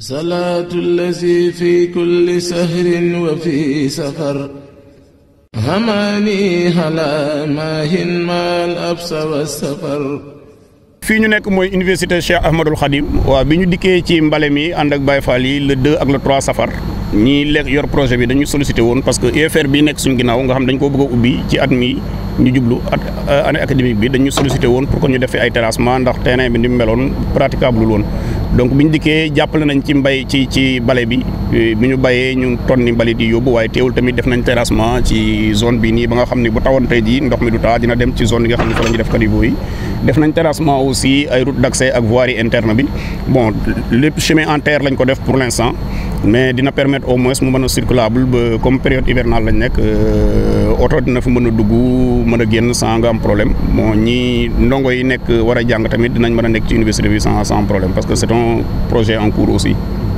صلاة الذي في كل سهر وفي سفر هماني هلا ما هن ما الأبس والسفر fii ñu nekk mooy université Cheikh Ahmadoul Khadim waaw bi ñu dikkee ci mbale mi ànd ak Baye Fall yi le 2 ak le 3 safar ñi lekk yor projet bi dañu sollicité woon parce que efr bi nekk suñu ginnaaw nga xam dañ ko bëgg a ubbi ci at mi ñu jublu at euh, année académique bi dañu sollicité woon pour que ñu defee ay terrassement ndax terrain bi ni meloon praticable woon donc bi ñu dikkee nañ ci mbay ci ci euh, bi ñu tonni terrassement ci zone bi ba nga xamni bu tawon tay routes ndox mi du dina dem ci zone nga fa def aussi route d'accès ak voirie interne bi bon le chemin en terre lañ pour l'instant mais dina permettre au moins mu mën circulable ba comme période hivernale lañ nekk auto euh, dina fi mën a dugg mën a sans nga am problème bon ñi ndongo yi nek wara jang tamit dinañ mën nek ci université bi sans sans problème parce que c'est un projet en cours aussi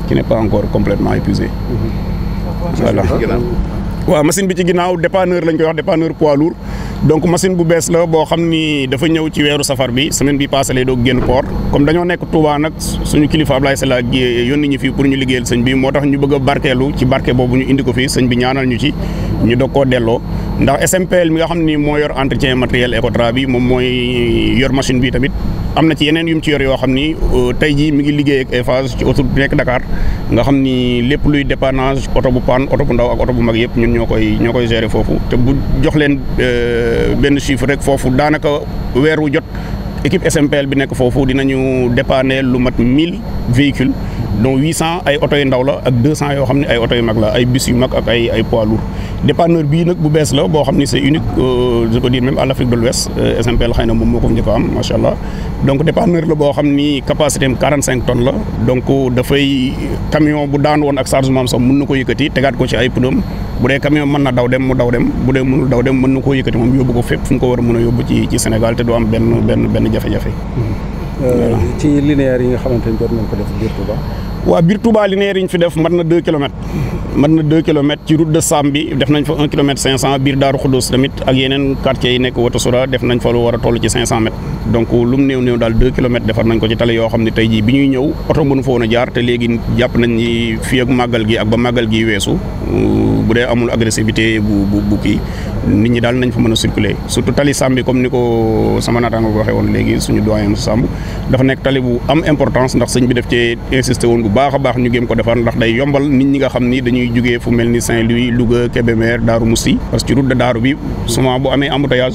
qui n'est pas encore complètement épuisé. Mm-hmm. voilà waaw machine bi ci ginaaw dépanneur lañ koy wax dépanneur poids lourd. donc machine bu bees la boo xam ni dafa ñëw ci weeru safar bi semaine bi passé lay doog génn port comme dañoo nekk Touba nag suñu kilifa Ablaye Sylla yónni ñu fii pour ñu liggéeyal sëñ bi moo tax ñu bëgg a barkeelu ci barke boobu ñu indi ko fii sëñ bi ñaanal ñu ci ñu doog koo delloo ndax SMPL mi nga xam ni moo yor entretien matériel Ecotra bi moom mooy yor machine bi tamit am na ci yeneen yu mu ci yor yoo xam ni euh, tey jii mi ngi liggéey ak Eiffage ci autoroute bi nekk Dakar nga xam ni lépp luy dépendance oto bu panne oto bu ndaw ak oto bu mag yëpp ñun ñoo koy ñoo koy gérer foofu te bu jox leen euh, benn chiffre rek foofu daanaka weeru jot équipe SMPL bi nekk foofu dinañu dépender lu mat 1000 véhicules. donc 800 ay oto yu ndaw la ak 200 yoo xam ne ay oto yu mag la ay bis yu mag ak ay ay poids lourds dépanneur bii nag bu bees la boo xam ne c'est unique euh, je peux dire même à l'Afrique de l'Ouest euh, SMPL xëy na moom moo ko njëkk am macha allah donc dépanneur la boo xam ni capacité am 45 tonnes la donc dafay camion bu daan woon ak chargement sax mën na ko yëkkati tegaat ko ci ay pneu bu dee camion mën na daw dem mu daw dem bu dee mënul daw dem mën na koo yëkkati moom yóbbu ko fu ko war a mën a yóbbu ci ci Sénégal te du am benn benn benn Euh, ci linéaire yi nga xamante ni doon nañ ko def biir Touba wa bir Touba li ne riñ fi def mat na 2 km mat na 2 km ci route de sambi def nañ fa 1 km 500 bir daru Xudus tamit ak yenen quartier yi nek Wata Sura def nañ fa lu wara tollu ci 500 mètres donc lu mu néew néew 2 km defar nañ ko ci tali yo xamni tay ji biñuy ñew auto mënu fo woon jaar te léegi japp nañ ni fi ak magal gi ak ba magal gi wessu bu dé amul agressivité bu bu bu ki nit ñi dal nañ fa mëna circuler surtout tali sambi comme niko sama naataango ko waxee woon léegi suñu doyen Samb dafa nek tali bu am importance ndax sëñ bi def ci insister won bu baax a baax ñu gëm ko defar ndax day yombal nit ñi nga xamni dañuy jugee fu melni Saint-Louis Louga Kébémer Darou Moussi parce que route de Darou bi souvent bu amé embouteillage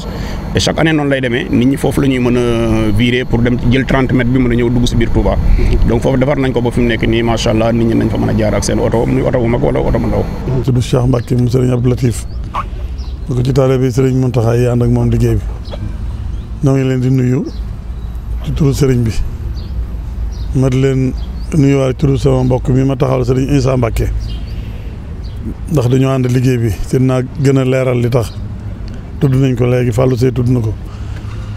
et chaque année non lay démé nit ñi fofu lañuy mëna virer pour dem jël 30 mètres bi mëna ñëw dugg ci biir Touba donc fofu defar nañ ko ba fimu nekk ni ma sha allah nit ñi nañ fa mëna jaar ak seen auto muy auto bu mag wala auto bu ndaw. tudd Cheikh Mbacké mu Serigne Abdou Latif bu ko ci talé bi Serigne Mountakha yi and ak mom liggéey bi ñoo ngi leen di nuyu ci tour Serigne bi madeleine nuyuwaale turu sama mbokk mi ma taxawal sëriñ Issa Mbacke ndax dañoo ànd liggéey bi te naa gën a leeral li tax tudd nañ ko léegi Fallou Seye tudd na ko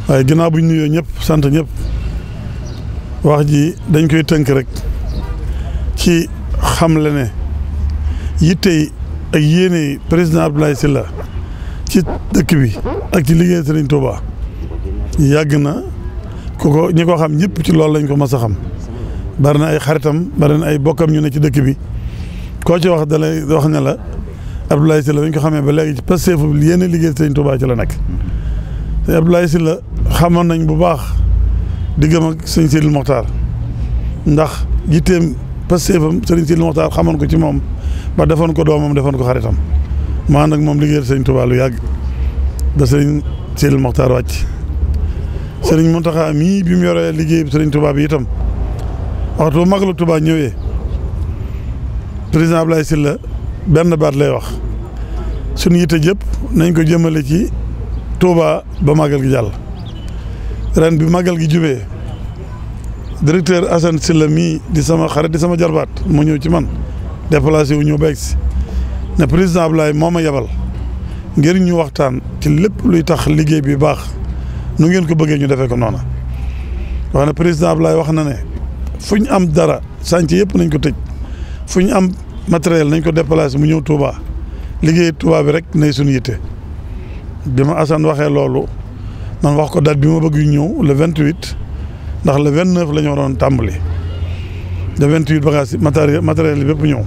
waaye ginnaaw bu ñu nuyoo ñëpp sant ñëpp wax ji dañ koy tënk rek ci xamle ne yitte yi ak yéene yi président Abdoulaye sila ci dëkk bi ak ci liggéey sëriñ Touba yàgg na ku ko ñi ko xam ñëpp ci loolu lañ ko mas a xam bari na ay xaritam bari na ay bokkam ñu ne ci dëkk bi koo ci wax da lay wax ne la Abdoulaye Sylla bi ñu ko xamee ba léegi ci pasteefu yenn liggéey Sëñ Tuubaa ci la nekk te Abdoulaye Sylla xamoon nañ bu baax diggam ak sëñ Sidil Moxtaar ndax jitteem pasteefam sëriñ Sidil Moxtaar xamoon ko ci moom ba defoon ko doomam defoon ko xaritam maa nag moom liggéeyal Sëñ lu yàgg ba sëriñ Sidil Moxtaar wàcc sëriñ Muntaxa mii bi mu yore liggéey bi sëriñ Tuubaa bi itam waxtu bu tuba Touba président Abdoulaye Sylla benn baat lay wax suñu yitte jëpp nañ ko jëmele ci Touba ba Magal gi jall ren bi Magal gi jubé directeur Assane Sylla mi di sama xarit di sama jarbat mo ñëw ci man déplacer wu ñu bex egsi président Abdoulaye moma yabal ngir ñu waxtaan ci lepp luy tax liggéey bi baax nu ngeen ko bëggee ñu defee ko nona wax président Abdoulaye wax na ne fu ñu am dara chantier yëpp nañ ko tëj fu ñu am matériel nañ ko déplacé mu ñëw Touba liggéey Touba bi rek nay suñu yitte bi ma Assane waxee loolu man wax ko date bi ma yu ñëw le vingt huit ndax le vingt neuf la ñu waroon tàmbali le vingt huit bagages matériel matériel yi bépp ñëw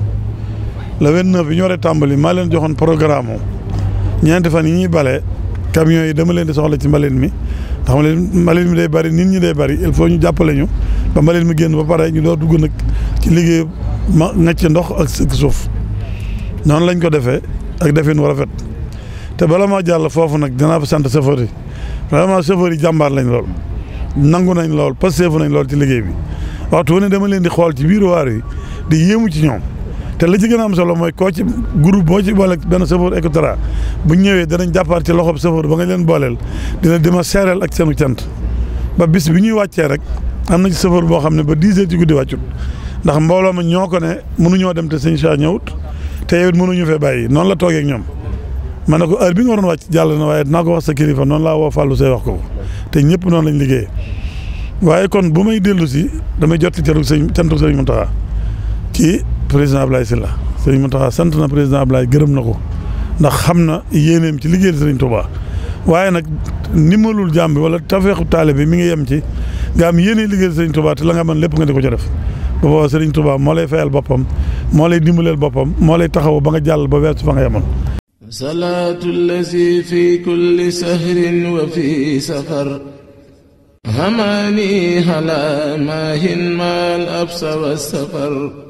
le vingt neuf bi ñu waree tàmbali maa leen joxoon programme mu ñeenti fan yi ñuy balee camions yi dama leen di soxla ci mbalit mi ndax mbalit mi day bari nit ñi day bari il faut ñu jàppale ñu ba mbalit mi génn ba pare ñu doo dugg nag ci liggéey ma ngacc ndox ak sëkk suuf noonu lañ ko defee ak defin wu rafet te bala maa jàll foofu nag dinaa ba sant chauffeur yi vraiment chauffeur jàmbaar lañ lool nangu nañ lool pasteefu nañ lool ci liggéey bi waxtu wu ne dama leen di xool ci biir waar yi di yéemu ci ñoom te la ci gën a am solo mooy ko ci groupe boo ci boole benn chauffeur Ecotra bu ñëwee danañ jàppaar ci loxo loxob chauffeur ba nga leen booleel dina dima seereel ak seenu cant ba bis bi ñuy wàccee rek am na ci safar boo xam ne ba dix heures ci guddi ndax mbooloo ma ñoo ko ne mënuñoo dem te sëñ Cheikh ñëwut te yow it mënuñu fee bàyyi noonu la toogee ak ñoom ma ne ko heure bi waroon wàcc jàll na waaye dinaa ko wax sa kilifa noonu laa woo Fallou Seye wax ko te ñëpp noonu lañ liggéeyee waaye kon bu may dellu si damay jot ci cantu sëñ cantu sëñ Mountakha ci président Ablaye Sylla sëñ Mountakha sant na président Ablaye gërëm na ko ndax xam na yéeneem ci liggéeyal sëñ ba waaye nag nimalul jàmm bi wala tafeexu taale bi mi ngi yem ci nga am yéene liggéey sëriñ Touba te la nga lépp nga di ko ca def ba boobaa sëriñ Touba moo lay fayal boppam moo lay dimbaleel boppam moo lay taxaw ba nga jàll ba weesu fa nga yemoon salaatu lazi fi kulli sahrin wa fi safar hamaani ala maahin maal absa wa safar